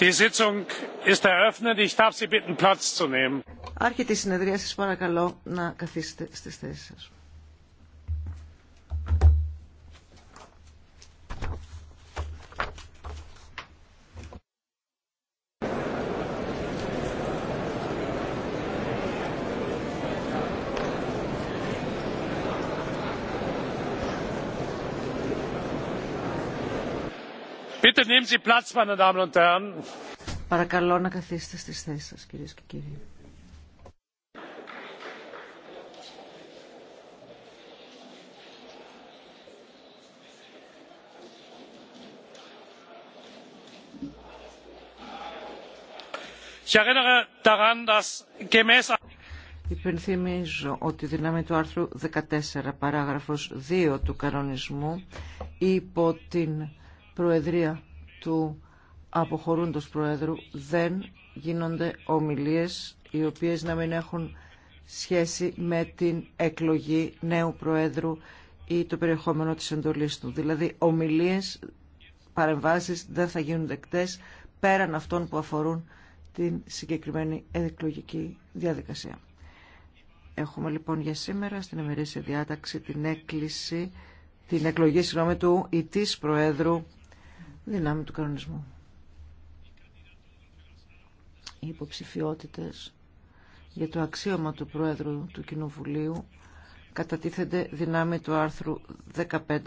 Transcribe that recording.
Die Sitzung ist eröffnet. Ich darf Sie bitten, Platz zu nehmen. Άρχεται η συνεδρία σας παρακαλώ να καθίσετε στις θέσεις σας. Παρακαλώ να καθίσετε στις θέσεις σας, κυρίες και κύριοι. Ich Υπενθυμίζω ότι δυνάμη του άρθρου 14 παράγραφος 2 του κανονισμού υπό την Προεδρία του αποχωρούντος Προέδρου δεν γίνονται ομιλίες οι οποίες να μην έχουν σχέση με την εκλογή νέου Προέδρου ή το περιεχόμενο της εντολής του. Δηλαδή ομιλίες, παρεμβάσεις δεν θα γίνουν δεκτές πέραν αυτών που αφορούν την συγκεκριμένη εκλογική διαδικασία. Έχουμε λοιπόν για σήμερα στην εμερήσια διάταξη την έκκληση, την εκλογή συγγνώμη του ητής Προέδρου δυνάμει του κανονισμού. Οι υποψηφιότητες για το αξίωμα του Πρόεδρου του Κοινοβουλίου κατατίθενται δυνάμει του άρθρου 15